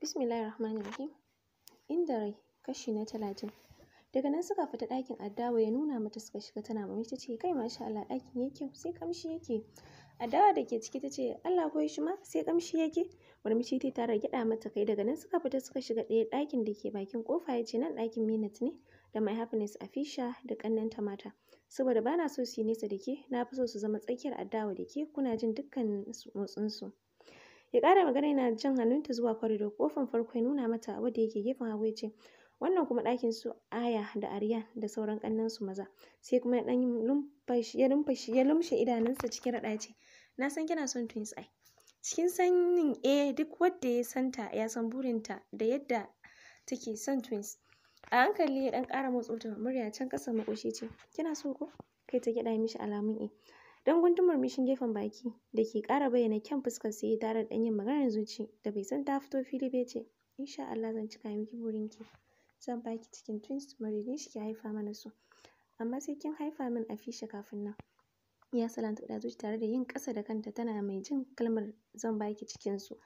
Bismillahir Rahmanir Rahim. Inda rai kashi na talatin. Daga nan suka fita ɗakin Addawa ya nuna mata suka shiga tana mami ta ce kai masha Allah ɗakin yake sai kamshi yake. Addawa da ke ciki ta ce Allah koyi shi ma sai kamshi yake. Murmushi ta tara gyaɗa mata kai daga nan suka fita suka shiga ɗaya ɗakin da ke bakin kofa ya ce nan ɗakin Minat ne da My Happiness Afisha da ta mata. Saboda bana so su yi nesa da ke na fi so su zama tsakiyar Addawa da ke kuna jin dukkan motsinsu. Ya ƙara magana yana jan hannunta zuwa kwarido. Kofan farko ya nuna mata wadda yake gefen hagu ya ce, Wannan kuma ɗakin su Aya da arya da sauran su maza. Sai kuma ya ɗan ya lumfashi ya lumshe idanunsa cikin raɗa ce, Na san kina son twins ai. Cikin sanin eh duk wanda ya santa ya san ta da yadda take son twins. A hankali ya ɗan ƙara motsa murya can ƙasa makoshi ce, Kina so ko? Kai ta gyaɗa mishi alamun eh. don guntun murmushin gefen baki da ke ƙara bayyana kyan fuskar sai tare da yin maganar zuci da bai san ta fito fili ba ce insha Allah zan cika miki ki. zan baki cikin twins maridin shi ke haifa mana su amma sai kin haifa min a fisha kafin nan ya salanta da zuci tare da yin ƙasa da kanta tana mai jin kalmar zan baki cikin su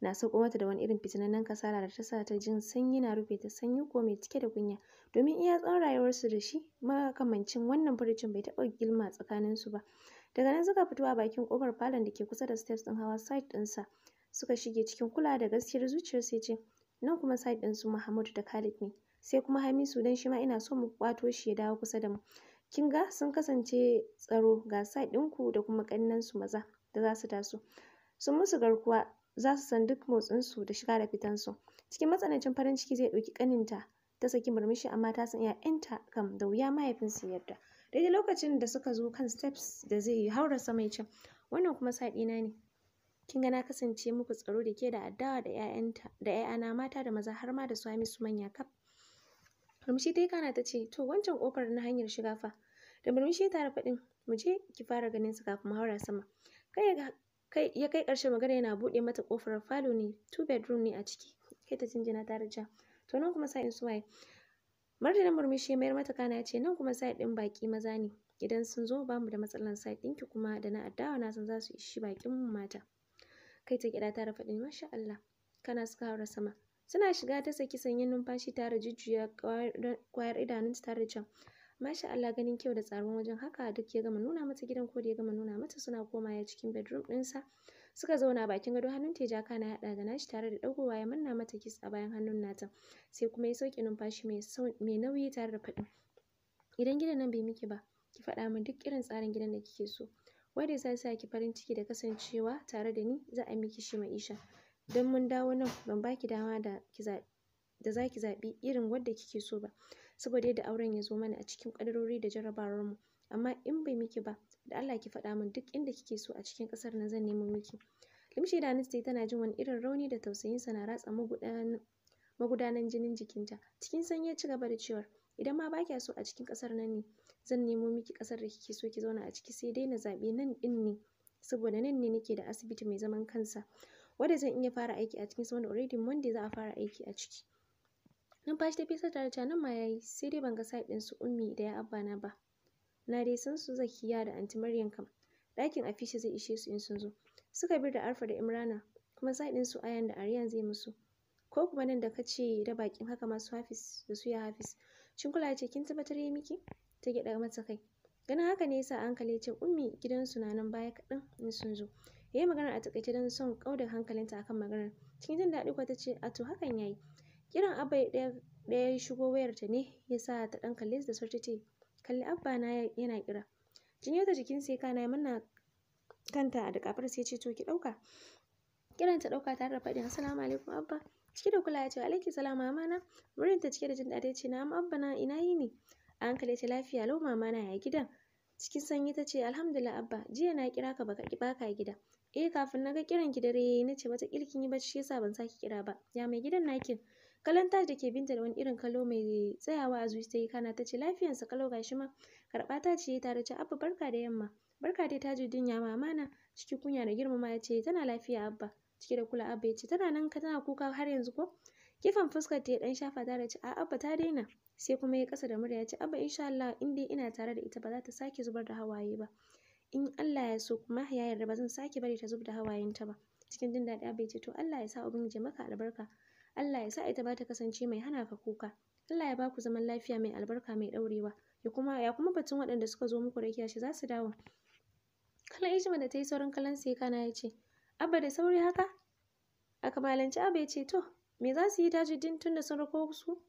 na sauko mata da wani irin fitinannen kasala da ta sa ta jin sanyi na rufe ta sanyi ko mai cike da kunya domin iya tsawon rayuwarsu da shi makamancin wannan furucin bai taɓa gilma tsakaninsu ba daga nan suka fito a bakin kofar falon da ke kusa da steps ɗin hawa side ɗinsa suka shige cikin kula da gaskiyar zuciyar sai ce nan kuma side ɗinsu mahmud da Khalid ne sai kuma Hamisu dan shi ma ina so mu kwato shi ya dawo kusa da mu kin ga sun kasance tsaro ga side ɗinku da kuma ƙannensu maza da za su taso sun musu garkuwa za su san duk motsinsu da shiga da fitansu. Cikin matsanancin farin ciki zai ɗauki ƙaninta ta saki murmushi amma ta san ‘ya'yanta kam da wuya mahaifinsu yarda. Daidai lokacin da suka zo kan steps da zai haura sama can. Wannan kuma ɗina ne. Kin ga na kasance muku tsaro da ke da addawa da ‘ya'yanta da ‘ya'yana mata da maza har ma da su su manya kaf. Murmushi ta yi kana ta ce to wancan ƙofar na hanyar shiga fa. Da murmushi ta faɗin mu je ki fara ganin su kafin mu haura sama. Kai ya kai ƙarshen magana yana buɗe mata ƙofar falo ne two bedroom ne a ciki kai ta jinjina ta rija to nan kuma sa'in su waye martanin murmushi mayar mata kana ya ce nan kuma sai ɗin baki maza ne idan sun zo bamu da matsalan sai dinki kuma da na addawa na san za su ishi bakin mu mata kai ta gida ta rafa ɗin masha Allah kana suka haura sama suna shiga ta saki sanyin numfashi tare jujjuya kwayar idanunta tare can masha Allah ganin kyau da tsaron wajen haka duk ya gama nuna mata gidan ko da ya gama nuna mata suna komawa cikin bedroom ɗinsa suka zauna bakin gado hannun teja kana ya haɗa da nashi tare da ɗagowa ya manna mata kis a bayan hannun nata sai kuma ya sauke numfashi mai nauyi tare da faɗin idan gidan nan bai miki ba ki faɗa min duk irin tsarin gidan da kike so wanda ya sa ki farin ciki da kasancewa tare da ni za a miki shi ma'isha don mun dawo nan ban baki dama da ki da za zaɓi irin wadda kike so ba saboda yadda auren ya zo mana a cikin ƙadarori da jarabawar mu amma in bai miki ba da Allah ki faɗa min duk inda kike so a cikin ƙasar nan zan nemo miki limshi da Anis tana jin wani irin rauni da tausayin sa na ratsa magudanan jinin jikinta cikin sanyi ya ci gaba da cewa idan ma baki so a cikin ƙasar nan ne zan nemo miki ƙasar da kike so ki zauna a ciki sai dai na zaɓi nan ɗin ne saboda nan ne nake da asibiti mai zaman kansa wanda zan iya fara aiki a cikin wanda already Monday za a fara aiki a ciki numfashi ta fesa da nan ma yayi sai dai ban ga side din su ummi da ya abba na ba na dai san su zakiya da anti maryam kam ɗakin afishi zai ishe su in sun zo suka bi da arfar da imrana kuma side din su ayan da aryan zai musu ko kuma nan da ka ce da bakin haka masu hafis da su ya hafiz shin kula ce kin tabbatar yayi miki ta gyaɗa mata kai ganin haka ne yasa hankali ce ummi gidansu na nan baya kaɗan in sun zo yayi magana a takaice don son kauda hankalinta akan maganar cikin jin daɗi kwata ce a to hakan yayi kiran abba ɗaya ɗaya ya shigo wayarta ne ya sa ta ɗan kalle da sauri ce kalli abba na yana kira jinyo ta jikin sai kana mana kanta da kafar sai ce to ki ɗauka kiran ta ɗauka tare da faɗin assalamu alaikum abba cike da kula ya ce alaiki salama amana wurin ta cike da jin daɗi ce na'am abba na ina yini a hankali ta lafiya lau mama na ya gidan cikin sanyi ta ce alhamdulillah abba jiya na kira ka baka baka gida eh kafin na ga kiran ki dare yayi ce wata kin yi bacci yasa ban saki kira ba ya mai gidan nakin kallon da ke binta da wani irin kalo mai tsayawa a zuci ta yi kana ta ce lafiyansa kalo gashi ma karɓa ta ce ta ce abba barka da yamma barka dai tajuddin ya na cikin kunya da girmama ya ce tana lafiya abba cike da kula abba ya ce tana nan tana kuka har yanzu ko gefen fuskar ta ya dan shafa ta da ce a abba ta daina sai kuma ya kasa da murya ya ce abba insha Allah in dai ina tare da ita ba za ta sake zubar da hawaye ba in Allah ya so kuma ya yarda ba zan sake bari ta zubar da hawayen ta ba cikin jin daɗi abba ya ce to Allah ya sa je maka albarka Allah ya sa ita ba ta kasance mai hana ka kuka Allah ya ba ku zaman lafiya mai albarka mai ɗaurewa ya kuma ya kuma batun waɗanda suka zo muku rakiya shi za su dawo kallon Ijima da ta yi saurin kallon sai kana ya ce Abba da sauri haka a kamalanci Abba ya ce to me za su yi tajuddin tun da sun rako su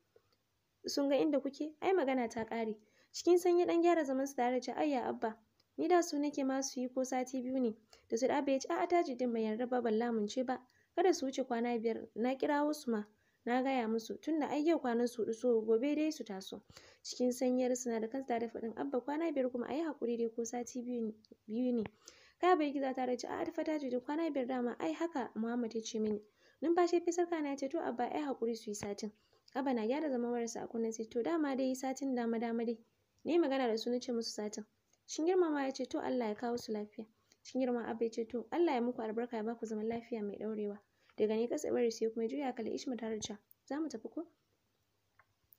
sun ga inda kuke ai magana ta ƙare cikin sanyi ɗan gyara zaman su tare ce, ayya Abba ni da su nake ma su yi ko sati biyu ne da su da Abba ya ce a'a tajuddin bai yarda ba ban lamunce ba kada su wuce kwana biyar na kira wasu ma na gaya musu tunda ai yau kwanan su hudu so gobe dai su taso cikin sanyar suna da kansa da faɗin abba kwana biyar kuma ai hakuri dai ko sati biyu ne ka bai giza ta race a arfa ta ce kwana biyar dama ai haka muhammad ya ce mini numfashi fi kana na ce to abba ai hakuri su yi satin abba na gyara zama wayarsa a kunnen sai to dama dai satin dama dama dai ni magana da su na ce musu satin shin girmama ya ce to Allah ya kawo su lafiya cikin girman abu ya ce to Allah ya muku albarka ya baku zaman lafiya mai ɗaurewa daga ne kasa bari sai kuma juya kalli Ishma tare da za mu tafi ko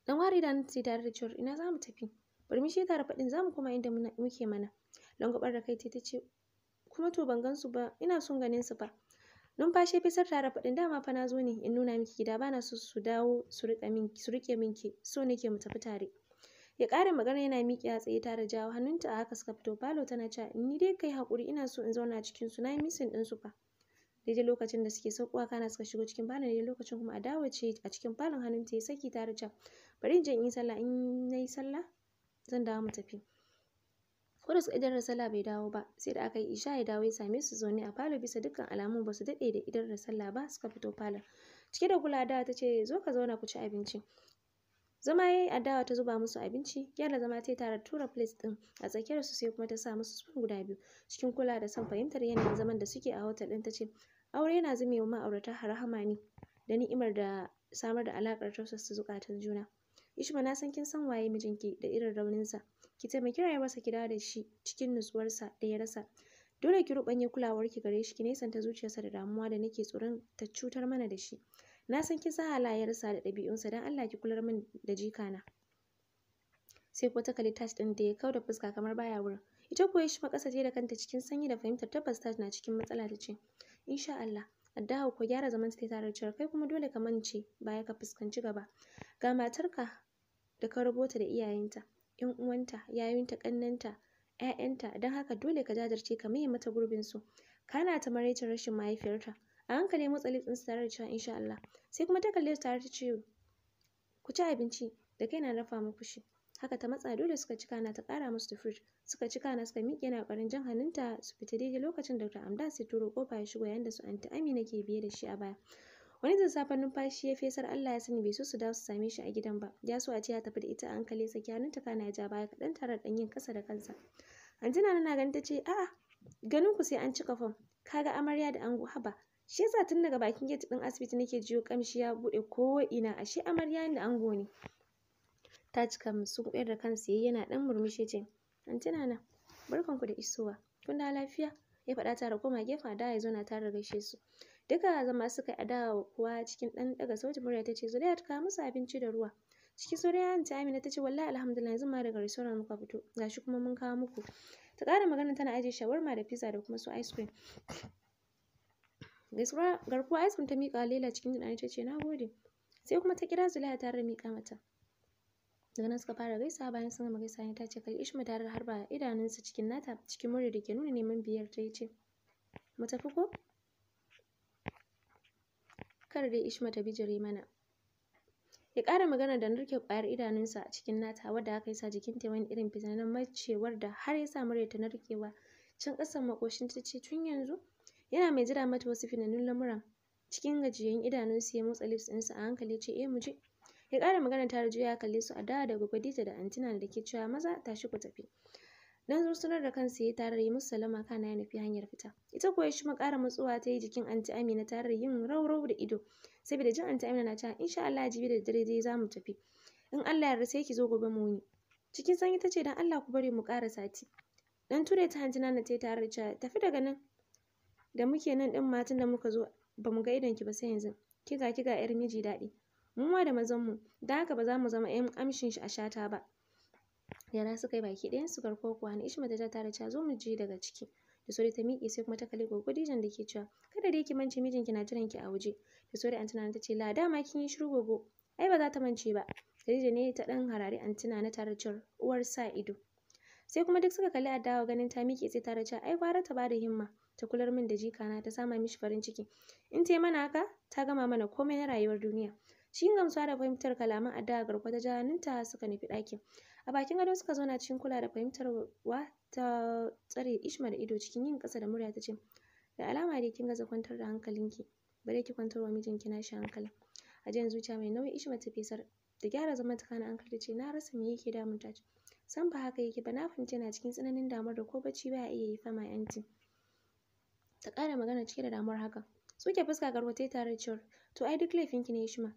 dan wari da tare da cewar ina za mu tafi bari shiga tare faɗin za mu koma inda muke mana langabar da kai ta ce kuma to ban gan su ba ina son ganin su ba numfashi fisar tare faɗin dama fa na zo ne in nuna miki gida bana so su dawo su riƙe min ki so nake mu tafi tare ya ƙara magana yana a tsaye tare jawo hannunta a haka suka fito falo tana cewa ni dai kai haƙuri ina so in zauna cikin su na yi misin ɗin su fa daidai lokacin da suke saukowa kana suka shigo cikin falon daidai lokacin kuma adawa ce a cikin falon hannunta ya saki tare cewa bari in je in yi sallah in na yi sallah zan dawo mu tafi ko da suka idan da sallah bai dawo ba sai da aka yi isha ya dawo ya same su zaune a falo bisa dukkan alamu ba su daɗe da idar da sallah ba suka fito falon cike da kula da ta ce zo ka zauna ku ci abinci zama yayi adawa ta zuba musu abinci gyara zama ta tare tura plate din a tsakiyar su sai kuma ta sa musu spoon guda biyu cikin kula da son fahimtar yanayin zaman da suke a hotel din tace aure yana zume wa ma'aurata harhama ne da ni'imar da samar da alakar tausasa zukatan juna Ishma na san kin san waye mijinki da irin raunin sa? ki taimaki rayuwarsa ki dawo da shi cikin nutsuwarsa da ya rasa dole ki kulawar ki gare shi ki nesanta zuciyarsa da damuwa da nake tsoron ta cutar mana da shi na san kin san halayensa da ɗabi'unsa dan Allah ki kular min da jika na. sai ko ta kalli tash din da ya da fuska kamar baya wurin ita kuwa shi makasa je da kanta cikin sanyi da fahimtar tabbas tash na cikin matsala ta ce insha Allah addawa ko gyara zaman ta tare da kai kuma dole ka mance baya ka fuskanci gaba ga matarka da ka rubuta da iyayenta yan uwanta yayunta kannanta ƴaƴanta don haka dole ka jajirce ka mai mata gurbin su kana ta maraicin rashin mahaifiyarta a hankali motsa lips su tare da cewa insha Allah sai kuma ta kalle su tare ta ce ku ci abinci da kai na rafa muku shi haka ta matsa dole suka cika na ta kara musu da fruit suka cika na suka miƙe na ƙarin jan hannunta su fita daidai lokacin Dr. Amda sai turo kofa ya shigo yayin da su anti Amina ke biye da shi a baya wani zazzafan numfashi ya fesar Allah ya sani bai so su dawo su same shi a gidan ba ya so a ce ya tafi da ita a hankali saki hannunta kana ja baya kaɗan tare da yin kasa da kansa anjina na ganin ta ce a'a ganin ku sai an cika fam kaga amarya da ango haba shi yasa tun daga bakin gate ɗin asibiti nake jiyo kamshi ya buɗe ko ina ashe amarya da ango ne ta cika musu koyar da kansa yayi yana ɗan murmushi ce anti nana barkan ku da isowa kun da lafiya ya faɗa tare koma gefe da ya na tare gaishe su duka zama suka a dawa kuwa cikin ɗan ɗaga sautin murya tace zuriya ka kawo musu abinci da ruwa cikin zuriya anti amina tace wallahi alhamdulillah yanzu ma daga restaurant muka fito gashi kuma mun kawo muku ta ƙara magana tana ajiye shawarma da pizza da kuma su ice cream gaisuwa garkuwa ice cream ta miƙa Laila cikin jin ta ce na gode sai kuma ta kira Zulaiha tare da miƙa mata daga nan suka fara gaisawa bayan sun gama gaisawa ta ce kai Ishma tare da harba idanunsa cikin nata cikin murya da ke nuna neman biyar ta ce mu tafi ko kar dai Ishma ta bijire mana ya ƙara magana da narke ƙwayar idanunsa a cikin nata wadda aka yi sa jikinta wani irin fitinannen macewar da har ya sa murya ta narkewa can ƙasan makoshin ta ce tun yanzu Yana mai jira mata wasu finanun lamuran. Cikin gajiyayyen idanunsu ya motsa lips ɗinsa a hankali ce eh mu je. Ya ƙara magana ta tare juya kalle su a da da gwagwadita da antina da ke cewa maza tashi ku tafi. Dan zursunar da kansa ya tarar yi musu salama kana ya nufi hanyar fita. Ita kuwa shi ƙara matsuwa ta yi jikin anti Amina tarar yin raurau da ido. Saboda jin anti Amina na cewa insha Allah jibi da dare dai za mu tafi. In Allah yarda sai ki zo gobe mu wuni. Cikin sanyi ta ce dan Allah ku bari mu ƙara sati. Dan ture ta hanjina na ta tarar cewa tafi daga nan da muke nan ɗin ma da muka zo ba mu ga idon ki ba sai yanzu kiga kiga yar miji daɗi mu ma da mazan mu da haka ba za mu zama ƴan amshin shi a shata ba yara suka yi baki ɗayan su garko kuwa ni ishma ta tare ta zo mu je daga ciki da sauri ta miƙe sai kuma ta kalli gogodijan da ke cewa kada dai ki mance mijinki na jiran ki a waje da sauri antina ta ce la dama kin yi shiru gogo ai ba za ta mance ba Khadija ne ta ɗan harare antina na tare cewar uwar sa ido sai kuma duk suka kalli adawa ganin ta miƙe sai tare cewa ai gwara ta bada himma ta kular min da jikana ta sama mishi farin ciki in ta mana haka ta gama mana komai na rayuwar duniya cikin gamsuwa da fahimtar kalaman addu'a garkuwa ta ja ta suka nufi ɗakin a bakin gado suka zauna cikin kula da fahimtarwa ta tsare ishma da ido cikin yin ƙasa da murya ta ce da alama dai kin gaza kwantar da hankalinki bare ki kwantar wa mijinki nashi a ajiyar zuciya mai nauyi ishma ta fesar da gyara zaman ta kana hankali ce na rasa me yake damun ta san ba haka yake ba na fahimci yana cikin tsananin damar da ko bacci ba iya yi fama yanti ta ƙara magana cike da damuwar haka tsuke fuska garwa ta yi tare cewar to ai duk laifinki ne shima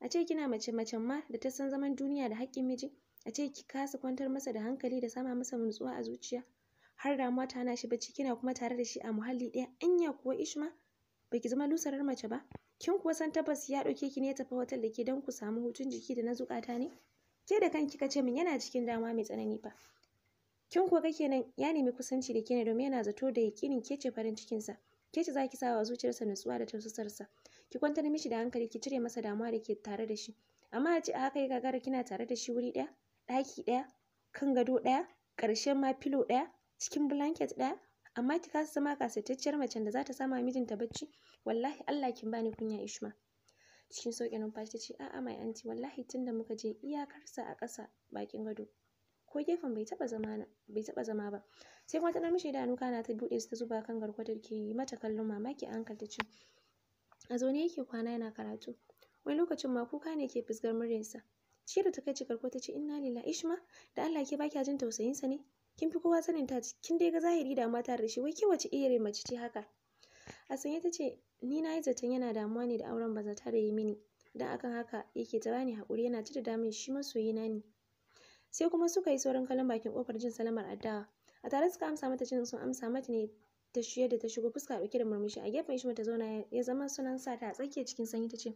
a ce kina mace macen ma da ta san zaman duniya da haƙƙin miji a ce ki kasa kwantar masa da hankali da sama masa nutsuwa a zuciya har damuwa ta hana shi bacci kina kuma tare da shi a muhalli ɗaya anya kuwa ishma baki zama lusarar mace ba kin kuwa san tabbas ya ɗauke ki ne ya tafi hotel da ke don ku samu hutun jiki da na zukata ne ke da kanki ka ce min yana cikin damuwa mai tsanani fa Kin kuwa kake nan ya nemi kusanci da ke ne domin yana zato da yaƙinin ke ce farin cikinsa. Ke ce za ki sa wa zuciyarsa nutsuwa da tausasarsa. Ki kwantar mishi da hankali ki cire masa damuwa da ke tare da shi. Amma a ce a haka ya gagara kina tare da shi wuri ɗaya, ɗaki ɗaya, kan gado ɗaya, ƙarshen ma filo ɗaya, cikin blanket ɗaya. Amma ki kasa zama kasaitacciyar macen da za ta sama mijinta bacci. Wallahi Allah kin bani kunya Ishma. Cikin sauƙin numfashi ta ce a'a mai anti wallahi tunda muka je iyakarsa a ƙasa bakin gado. ko gefen bai taɓa zama bai taɓa zama ba sai kuma ta ɗan mishi idanu kana ta buɗe su ta zuba kan garkuwar da ke yi mata kallon mamaki a hankali ta ce a zaune yake kwana yana karatu wani lokacin ma kuka ne ke fuskar muryarsa cike da takaici garkuwar ta ce inna lillahi ma. da Allah ke baki jin tausayinsa ne kin fi kowa sanin ta kin dai ga zahiri da mata da shi wai ke wace iyare mace ce haka a sanye ta ce ni na yi zaton yana damuwa ne da auren ba zata da yi mini dan akan haka yake ta bani hakuri yana ci da damin shi masoyina ne sai kuma suka yi saurin kalan bakin kofar jin salamar addawa a tare suka amsa mata jin sun amsa mata ne ta shiyar da ta shigo fuska dauke da murmushi a gefen Ishma ta zauna ya zama sunan sa ta a tsakiyar cikin sanyi ta ce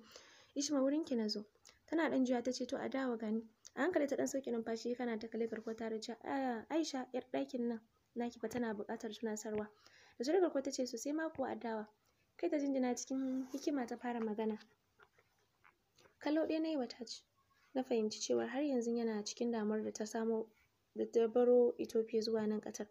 Ishma wurin ki na zo tana dan juya ta ce to a dawo gani a hankali ta dan sauke numfashi kana ta kalle garkuwa ta Aisha yar ɗakin nan naki fa tana buƙatar tunasarwa da su garkuwa ta ce sosai ma kuwa adawa kai ta jinjina cikin hikima ta fara magana kallo ɗaya na yi wata ce na fahimci cewa har yanzu yana cikin damar da ta samo da ta baro Ethiopia zuwa nan Qatar.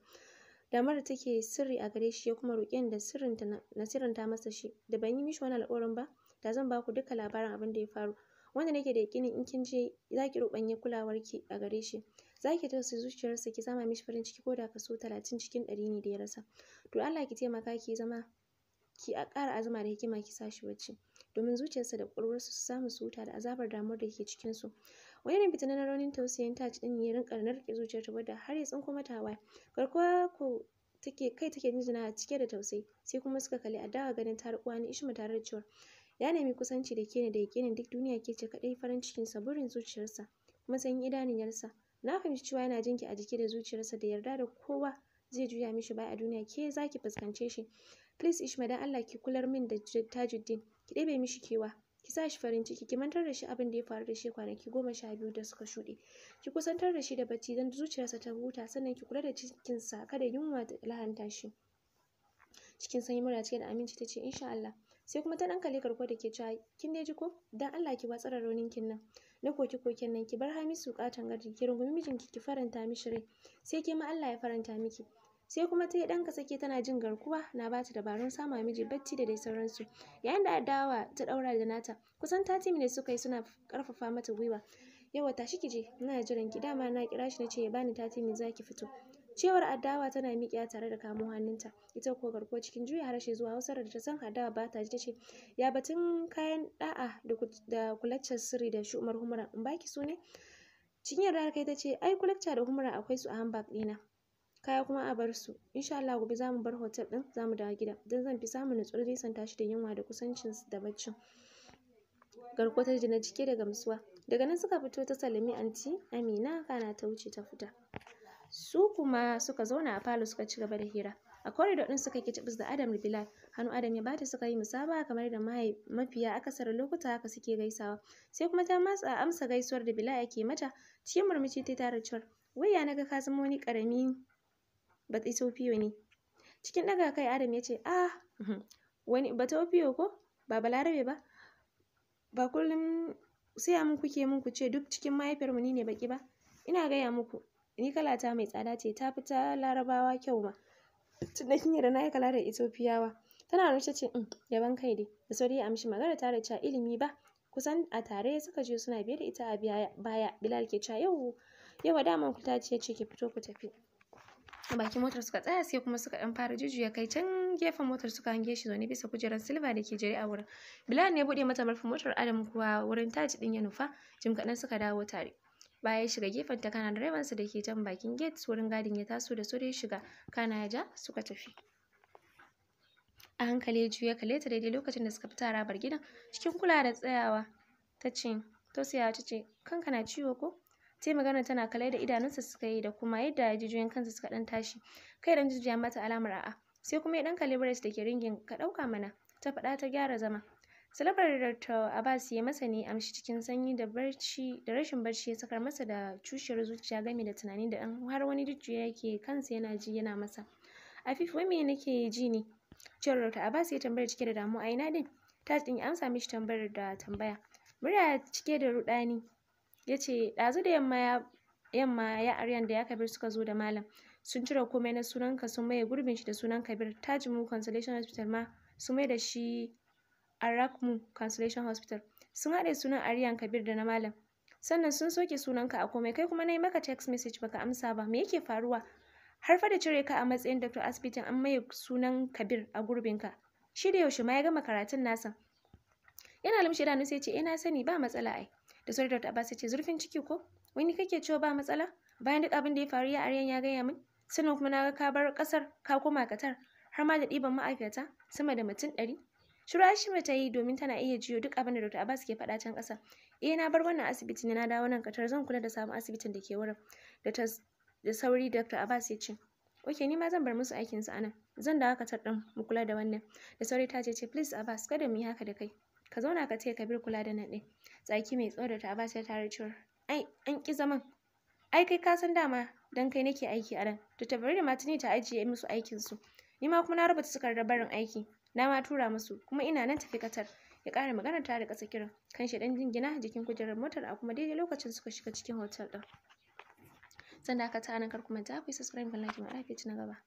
Damar da take sirri a gare shi ya kuma roƙe ni da sirrinta na sirrinta masa shi. Da ban yi mishi wani alƙawarin ba, da zan ba ku duka labarin abin da ya faru. Wanda nake da yakinin in kin je za ki ruɓanya kulawarki a gare shi. Za ki tausa zuciyarsa ki sama mishi farin ciki ko da kaso talatin cikin ɗari ne da ya rasa. To Allah ki taimaka ki zama ki a ƙara azuma da hikima ki sa shi bacci. domin zuciyarsa da ƙwaƙwalwarsa su samu su huta da azabar damar da yake cikinsu. Wani irin fitina na raunin tausayin Taj ɗin ya rinƙa narke ta wadda har ya tsinko mata waya. Garkuwa ko take kai take jinjina cike da tausayi sai kuma suka kalli adawa ganin ta riƙuwa ni Ishma tare da cewa ya nemi kusanci da ke ne da yake ne duk duniya ke ce kaɗai farin cikin sa burin zuciyarsa kuma idanun idaniyarsa. Na fahimci cewa yana jinki a jiki da zuciyarsa da yarda da kowa zai juya mishi baya a duniya ke zaki fuskance shi. Please Ishma dan Allah ki kular min da Tajuddin. ki ɗebe mishi kewa ki sa shi farin ciki ki mantar da shi abin da ya faru da shi kwanaki goma sha biyu da suka shuɗe ki kusantar da shi da bacci don zuciyarsa ta huta sannan ki kula da cikinsa kada yunwa ta lahanta shi cikin sanyi murya cike da aminci ta ce insha Allah sai kuma ta ɗan kale karko da ke cewa kin ne ji ko dan Allah ki watsar da raunin kin nan na koki kokin nan ki bar Hamisu katan gadi ki rungumi mijinki ki faranta mishi rai sai ke ma Allah ya faranta miki sai kuma ta yi ɗan sake tana jin garkuwa na ba ta dabarun sama miji bacci da dai sauransu yayin da adawa ta ɗaura da nata kusan tatim ne suka yi suna ƙarfafa mata gwiwa yawa tashi ki je ina jiran ki dama na kira shi na ce ya bani tati zaki fito cewar adawa tana miƙiya tare da kamo hannunta ita kuwa garkuwa cikin juya harshe zuwa hausar da ta san adawa ba ta ji ta ce ya batun kayan da'a da kulaccar sirri da shumar humura in baki su ne cikin yarda kai ta ce ai kulacca da humura akwai su a handbag ɗina kaya kuma a bar su insha Allah gobe zamu bar hotel din zamu dawo gida dan zan fi samun nutsuwar nisanta tashi da yunwa da kusancin da baccin garkuwa ta ji na cike daga gamsuwa daga nan suka fito ta salami anti amina kana ta wuce ta fita su kuma suka zauna a falo suka ci gaba da hira a corridor din suka ki tibis da adam da bilal hannu adam ya bata suka yi musaba kamar da mafiya kasar lokuta haka suke gaisawa sai kuma ta matsa amsa gaisuwar da bilal yake mata cikin murmushi ta tara cewar wai ya naga ka zama wani karami Batsofiyo ne. Cikin ɗaga kai Adam ya ce, "Ah, wani ba ofiyo ko? Ba Balarabe ba? Ba kullum sai mun kuke mun ku ce duk cikin mahaifiyar mu ne baki ba? Ina gaya muku, ni kalata mai tsada ce ta fita Larabawa kyau ma. Tunda kin yarda na yi kala da Etiopiyawa. Tana rushe ce, mm, yaban kai dai." Da sauri ya amshi magana ta da cewa ilimi ba. Kusan a tare suka je suna biye da ita a baya. Bilal ke cewa yau da daman ku ta ce ki fito ku tafi. a bakin motar suka tsaya sai kuma suka dan fara jujjuya kai can gefen motar suka hange shi zaune bisa kujerar silva da ke jere a wurin bilal ne ya bude mata murfin motar adam kuwa wurin taji din ya nufa jim kaɗan suka dawo tare baya ya shiga gefen ta kana direban su da ke can bakin gate wurin gadin ya taso da su da ya shiga kana ya ja suka tafi a hankali ya juya kale ta daidai lokacin da suka fita harabar gidan cikin kula da tsayawa ta ce tausayawa ta ce kanka na ciwo ko sai magana tana kalai da idanunsa suka yi da kuma yadda jijiyoyin kansa suka dan tashi kai dan jijiya mata alamar a'a sai kuma ya dan kalli brace da ke ringin ka ɗauka mana ta faɗa ta gyara zama salabar dr abbas ya masa ne amshi cikin sanyi da barci da rashin barci ya sakar masa da cushiyar zuciya gami da tunani da har wani jijiya yake kansa yana ji yana masa afif wai me nake ji ne cewar dr abbas ya tambayar cike da damuwa a ina din ta din amsa mishi tambayar da tambaya murya cike da ruɗani. ya ce ɗazu da yamma ya yamma ya aryan da ya kabir suka zo da malam sun cire komai na sunanka sun maye gurbin shi da sunan kabir tajimu consolation hospital ma sun mai da shi arakmu consolation hospital sun haɗe sunan aryan kabir da na malam sannan sun soke sunanka a komai kai kuma na yi maka text message baka amsa ba me yake faruwa har fa da cire ka a matsayin doctor asibitin an maye sunan kabir a gurbinka shi da yaushe ma ya gama karatun nasa yana limshi idanu sai ce eh sani ba matsala ai da sauri Dr. Abbas ce zurfin ciki ko? Wani kake cewa ba matsala? Bayan duk abin da ya faru ya aryan ya gaya min? Sannan kuma na ga ka bar ƙasar ka koma katar? har ma da ɗiban ma'aikata sama da mutum ɗari. Shiru Ashima ta yi domin tana iya jiyo duk abin da Dr. Abbas ke faɗa can ƙasa. Eh na bar wannan asibiti ne na dawo nan Qatar zan kula da sabon asibitin da ke wurin. Da ta da sauri Dr. Abbas ya ce Ok, ni ma zan bar musu aikin su anan. Zan dawo Qatar ɗin mu kula da wannan. Da sauri ta ce please Abbas kada mu yi haka da kai. Ka zauna ka ce Kabir kula da nan ɗin Tsaki mai tsawo da ta ba sai tare cewa Ai, an ƙi zaman. Ai, kai ka san dama dan kai nake aiki a nan. Da bari da matini ta ajiye musu aikinsu. Ni ma kuma na rubuta takardar barin aiki. Na ma tura musu, kuma ina nan tafi Katar. Ya ƙara magana ta da ƙasa kiran. Kan shi ɗan jingina jikin kujerar motar a kuma daidai lokacin suka shiga cikin hotel ɗin. Sannan ka ta nan kar kuma ta ku yi subscribe ban like na gaba.